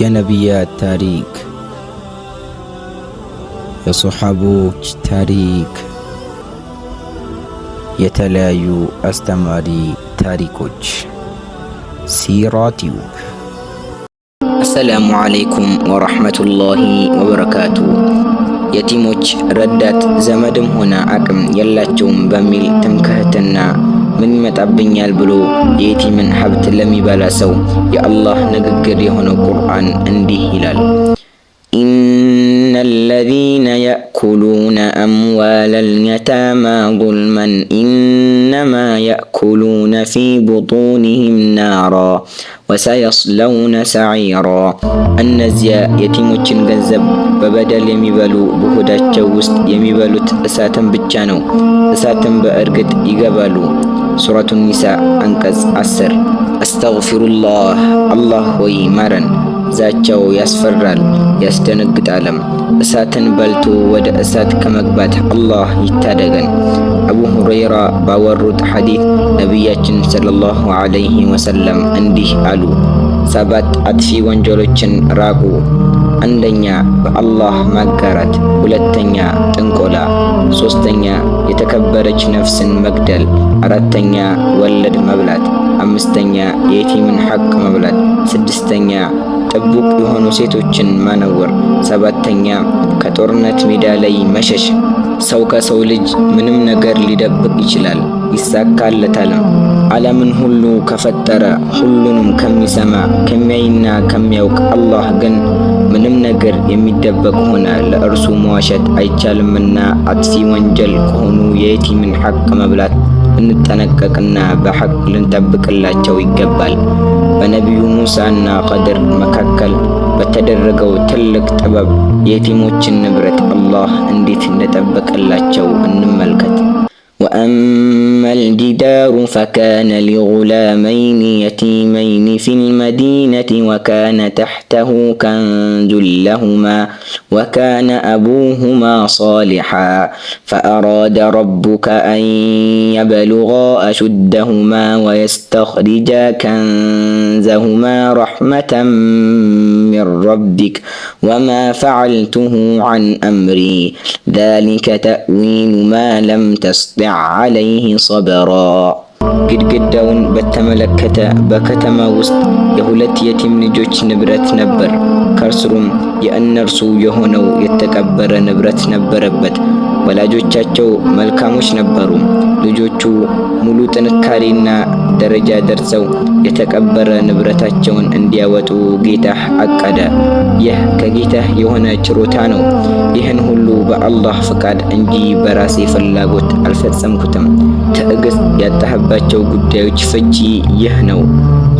يا نبي التاريك يا صحابوك تاريك يا تلايو استماري تاريكوك سيراتيوك السلام عليكم ورحمة الله وبركاته يتيموك ردات زمدم هنا أكم يلا بميل تمكهتنا ምን ይመጣብኛል ብሎ የየቲምን ሀብት ለሚበላ ሰው የአላህ ንግግር የሆነው ቁርአን እንዲህ ይላል። إن الذين يأكلون أموال اليتامى ظلما إنما يأكلون في بطونهم نارا وسيصلون سعيرا النزيا يتيموችን ገንዘብ በበደል የሚበሉ በሆዳቸው ውስጥ የሚበሉት እሳትን ብቻ ነው። እሳትን በእርግጥ ይገባሉ። ሱረቱ ኒሳ አንቀጽ 10 አስተግፊሩላህ አላህ ሆይ ማረን። ዛቻው ያስፈራል ያስደነግጣለም። እሳትን በልቶ ወደ እሳት ከመግባት አላህ ይታደገን። አቡ ሁረይራ ባወሩት ሐዲት ነቢያችን ሰለላሁ ዐለይሂ ወሰለም እንዲህ አሉ፣ ሰባት አጥፊ ወንጀሎችን ራቁ አንደኛ በአላህ ማጋራት፣ ሁለተኛ ጥንቆላ፣ ሶስተኛ የተከበረች ነፍስን መግደል፣ አራተኛ ወለድ መብላት፣ አምስተኛ የየቲምን ሐቅ መብላት፣ ስድስተኛ ጥቡቅ የሆኑ ሴቶችን ማነወር፣ ሰባተኛ ከጦርነት ሜዳ ላይ መሸሽ። ሰው ከሰው ልጅ ምንም ነገር ሊደብቅ ይችላል፣ ይሳካለታልም። ዓለምን ሁሉ ከፈጠረ ሁሉንም ከሚሰማ ከሚያይና ከሚያውቅ አላህ ግን ምንም ነገር የሚደበቅ ሆነ ለእርሱ መዋሸት አይቻልምና አጥፊ ወንጀል ከሆኑ የየቲምን ሐቅ መብላት ልንጠነቀቅና በሐቅ ልንጠብቅላቸው ይገባል። በነቢዩ ሙሳና ቀድር መካከል በተደረገው ትልቅ ጥበብ የቲሞችን ንብረት አላህ እንዴት እንደጠበቀላቸው እንመልከት። دار فكان لغلامين يتيمين يتيمين في المدينة وكان تحته كنز لهما وكان أبوهما صالحا فأراد ربك أن يبلغا أشدهما ويستخرجا كنزهما رحمة من ربك وما فعلته عن أمري ذلك تأويل ما لم تسطع عليه صبرا ግድግዳውን በተመለከተ በከተማ ውስጥ የሁለት የቲም ልጆች ንብረት ነበር፣ ከስሩም የእነርሱ የሆነው የተቀበረ ንብረት ነበረበት። ወላጆቻቸው መልካሞች ነበሩ። ልጆቹ ሙሉ ጥንካሬና ደረጃ ደርሰው የተቀበረ ንብረታቸውን እንዲያወጡ ጌታህ አቀደ። ይህ ከጌታህ የሆነ ችሮታ ነው። ይህን ሁሉ በአላህ ፍቃድ እንጂ በራሴ ፍላጎት አልፈጸምኩትም። ትዕግስት ያጣህባቸው ጉዳዮች ፍቺ ይህ ነው።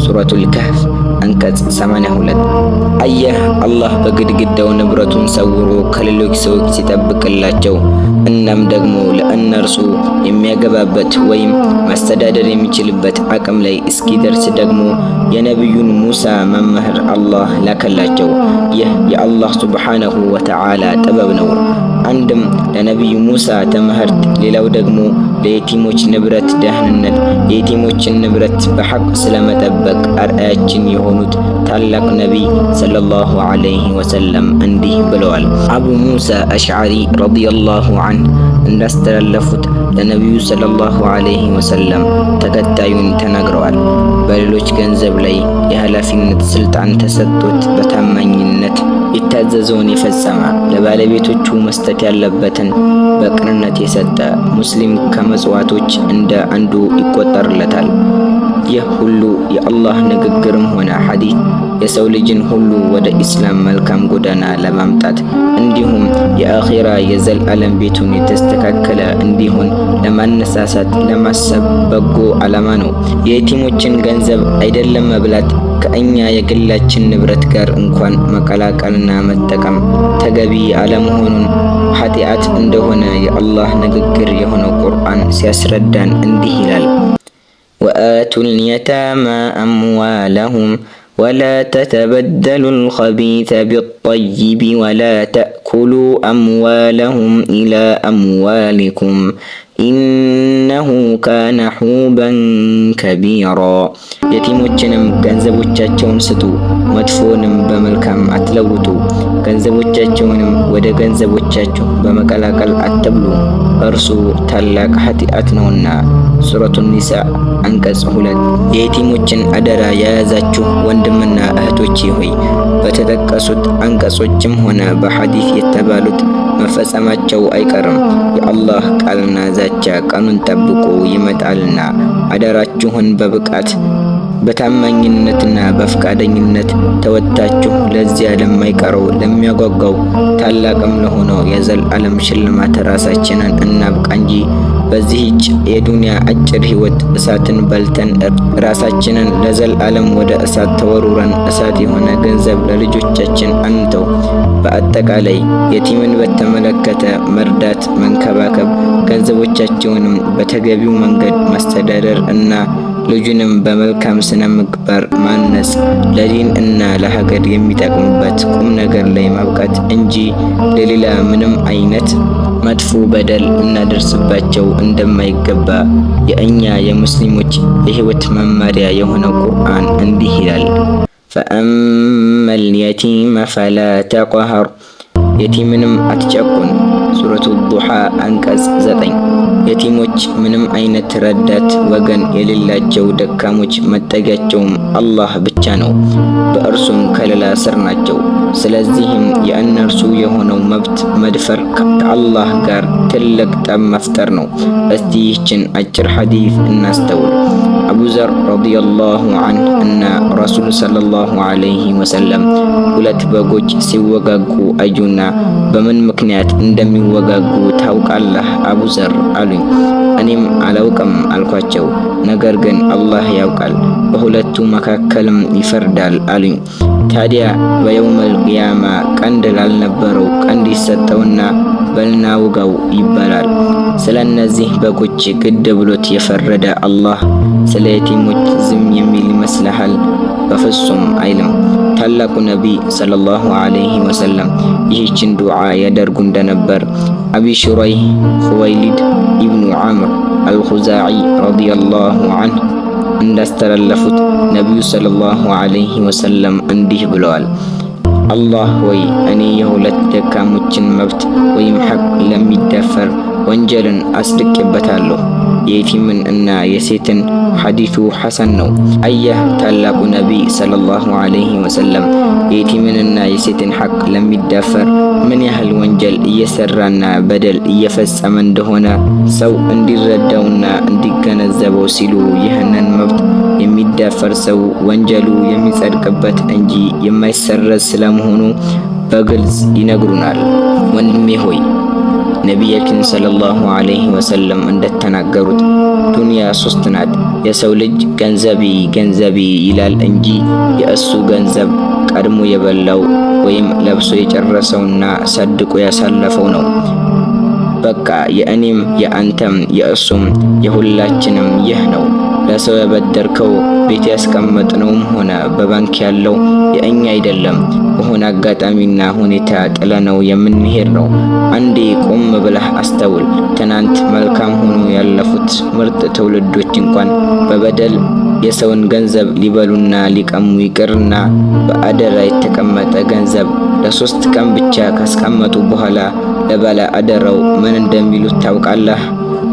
ሱረቱል ከህፍ አንቀጽ 82 አየህ አላህ በግድግዳው ንብረቱን ሰውሮ ከሌሎች ሰዎች ሲጠብቅላቸው እናም ደግሞ ለእነርሱ የሚያገባበት ወይም ማስተዳደር የሚችልበት አቅም ላይ እስኪደርስ ደግሞ የነቢዩን ሙሳ መምህር አላህ ላከላቸው። ይህ የአላህ ሱብሓነሁ ወተዓላ ጥበብ ነው። አንድም ለነቢዩ ሙሳ ትምህርት፣ ሌላው ደግሞ ለየቲሞች ንብረት ደህንነት፣ የየቲሞችን ንብረት በሐቅ ስለመጠበቅ አርአያችን የሆኑት ታላቅ ነቢይ ሰለላሁ ዐለይሂ ወሰለም እንዲህ ብለዋል። አቡ ሙሳ አሽዓሪ ረዲየላሁ ዐንሁ እንዳስተላለፉት ለነቢዩ ሰለላሁ ዐለይሂ ወሰለም ተከታዩን ተናግረዋል። በሌሎች ገንዘብ ላይ የኃላፊነት ስልጣን ተሰጥቶት በታማኝነት የታዘዘውን የፈጸመ ለባለቤቶቹ መስጠት ያለበትን በቅንነት የሰጠ ሙስሊም ከመጽዋቶች እንደ አንዱ ይቆጠርለታል። ይህ ሁሉ የአላህ ንግግርም ሆነ ሐዲት የሰው ልጅን ሁሉ ወደ ኢስላም መልካም ጎዳና ለማምጣት እንዲሁም የአኼራ የዘላለም ቤቱን የተስተካከለ እንዲሆን ለማነሳሳት ለማሰብ በጎ ዓላማ ነው። የየቲሞችን ገንዘብ አይደለም መብላት ከእኛ የግላችን ንብረት ጋር እንኳን መቀላቀልና መጠቀም ተገቢ አለመሆኑን ኃጢአት እንደሆነ የአላህ ንግግር የሆነው ቁርአን ሲያስረዳን እንዲህ ይላል፣ ወአቱል የታማ አምዋለሁም ወላ ተተበደሉ ልኸቢተ ቢጠይብ ወላ ተእኩሉ አምዋለሁም ኢላ አምዋሊኩም ኢነሁ ካነ ሑበን ከቢራ። የቲሞችንም ገንዘቦቻቸውን ስጡ፣ መጥፎንም በመልካም አትለውጡ። ገንዘቦቻቸውንም ወደ ገንዘቦቻቸው በመቀላቀል አትብሉ፣ እርሱ ታላቅ ኃጢአት ነውና። ሱረቱ ኒሳ አንቀጽ ሁለት የየቲሞችን አደራ የያዛችሁ ወንድምና እህቶቼ ሆይ በተጠቀሱት አንቀጾችም ሆነ በሐዲስ የተባሉት መፈጸማቸው አይቀርም። የአላህ ቃልና ዛቻ ቀኑን ጠብቆ ይመጣልና አደራችሁን በብቃት በታማኝነትና በፈቃደኝነት ተወጥታችሁ ለዚያ ለማይቀረው ለሚያጓጓው ታላቅም ለሆነው የዘላለም ሽልማት ራሳችንን እናብቃ እንጂ በዚህች የዱንያ አጭር ሕይወት እሳትን በልተን ራሳችንን ለዘላለም ወደ እሳት ተወሩረን እሳት የሆነ ገንዘብ ለልጆቻችን አንተው። በአጠቃላይ የቲምን በተመለከተ መርዳት፣ መንከባከብ፣ ገንዘቦቻቸውንም በተገቢው መንገድ ማስተዳደር እና ልጁንም በመልካም ስነ ምግባር ማነጽ ለዲን እና ለሀገር የሚጠቅምበት ቁም ነገር ላይ ማብቃት እንጂ ለሌላ ምንም አይነት መጥፎ በደል እናደርስባቸው እንደማይገባ የእኛ የሙስሊሞች የህይወት መመሪያ የሆነ ቁርአን እንዲህ ይላል፣ ፈአመል ልየቲመ ፈላ ተቋሀር የቲምንም አትጨቁን ሱረቱ ዙሃ አንቀጽ ዘጠኝ የቲሞች ምንም አይነት ረዳት ወገን የሌላቸው ደካሞች መጠጊያቸውም አላህ ብቻ ነው፣ በእርሱም ከለላ ስር ናቸው። ስለዚህም የእነርሱ የሆነው መብት መድፈር ከአላህ ጋር ትልቅ ጠብ መፍጠር ነው። እስቲ ይህችን አጭር ሐዲስ እናስተውል። አቡ ዘር ረዲየላሁ አንህ እና ረሱል ሰለላሁ አለይሂ ወሰለም ሁለት በጎች ሲወጋጉ አዩና በምን ምክንያት እንደሚወጋጉ ታውቃለህ አቡዘር አሉኝ። እኔም አላውቅም አልኳቸው። ነገር ግን አላህ ያውቃል፣ በሁለቱ መካከልም ይፈርዳል አሉኝ። ታዲያ በየውመል ቂያማ ቀንድ ላልነበረው ቀንድ ይሰጠውና በልና ውጋው ይባላል። ስለ እነዚህ በጎች ግድ ብሎት የፈረደ አላህ ስለ የቲሞች ዝም የሚል ይመስልሃል? በፍጹም አይልም። ታላቁ ነቢይ ሰለላሁ ዐለይሂ ወሰለም ይህችን ዱዓ ያደርጉ እንደነበር አቢ ሹረይህ ኹወይሊድ ኢብኑ ዓምር አልኹዛዒ ረዲየላሁ ዐንሁ እንዳስተላለፉት ነቢዩ ሰለላሁ ዐለይሂ ወሰለም እንዲህ ብለዋል። አላህ ወይ እኔ የሁለት ደካሞችን መብት ወይም ሐቅ ለሚደፈር ወንጀልን አጽድቄበታለሁ። የቲምን እና የሴትን ሐዲቱ ሐሰን ነው። አየህ ታላቁ ነቢይ ሰለላሁ ዐለይሂ ወሰለም የቲምንና የሴትን ሐቅ ለሚዳፈር ምን ያህል ወንጀል እየሰራና በደል እየፈጸመ እንደሆነ ሰው እንዲረዳውና እንዲገነዘበው ሲሉ ይህንን መብት የሚዳፈር ሰው ወንጀሉ የሚጸድቅበት እንጂ የማይሰረዝ ስለመሆኑ በግልጽ ይነግሩናል። ወንድሜ ሆይ ነቢያችን ሰለላሁ ዐለይሂ ወሰለም እንደተናገሩት ዱንያ ሶስት ናት። የሰው ልጅ ገንዘቢ ገንዘቢ ይላል እንጂ የእሱ ገንዘብ ቀድሞ የበላው ወይም ለብሶ የጨረሰውና ሰድቆ ያሳለፈው ነው። በቃ የእኔም የአንተም የእሱም የሁላችንም ይህ ነው። ለሰው ያበደርከው ቤት ያስቀመጥነውም ሆነ በባንክ ያለው የእኛ አይደለም። በሆነ አጋጣሚና ሁኔታ ጥለነው የምንሄድ ነው። አንዴ ቆም ብለህ አስተውል። ትናንት መልካም ሆኖ ያለፉት ምርጥ ትውልዶች እንኳን በበደል የሰውን ገንዘብ ሊበሉና ሊቀሙ ይቅርና በአደራ የተቀመጠ ገንዘብ ለሶስት ቀን ብቻ ካስቀመጡ በኋላ ለባለ አደራው ምን እንደሚሉት ታውቃለህ?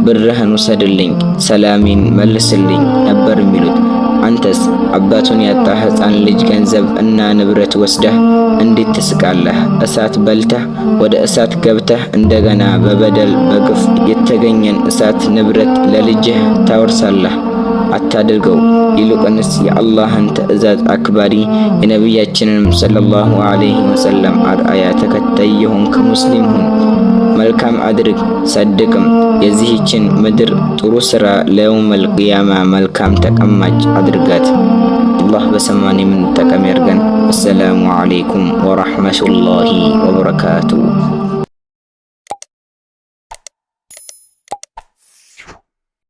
ብርህን ውሰድልኝ፣ ሰላሜን መልስልኝ ነበር የሚሉት። አንተስ አባቱን ያጣ ሕፃን ልጅ ገንዘብ እና ንብረት ወስደህ እንዴት ትስቃለህ? እሳት በልተህ ወደ እሳት ገብተህ እንደገና በበደል በግፍ የተገኘን እሳት ንብረት ለልጅህ ታወርሳለህ። አታድርገው። ይልቁንስ የአላህን ትእዛዝ አክባሪ የነቢያችንንም ሰለላሁ ዐለይሂ ወሰለም አርአያ ተከታይ የሆንክ ሙስሊም ሁን። መልካም አድርግ ሰድቅም። የዚህችን ምድር ጥሩ ስራ ለየውመል ቂያማ መልካም ተቀማጭ አድርጋት። አላህ በሰማን የምንጠቀም ያድርገን። አሰላሙ ዐለይኩም ወረሕመቱላሂ ወበረካቱሁ።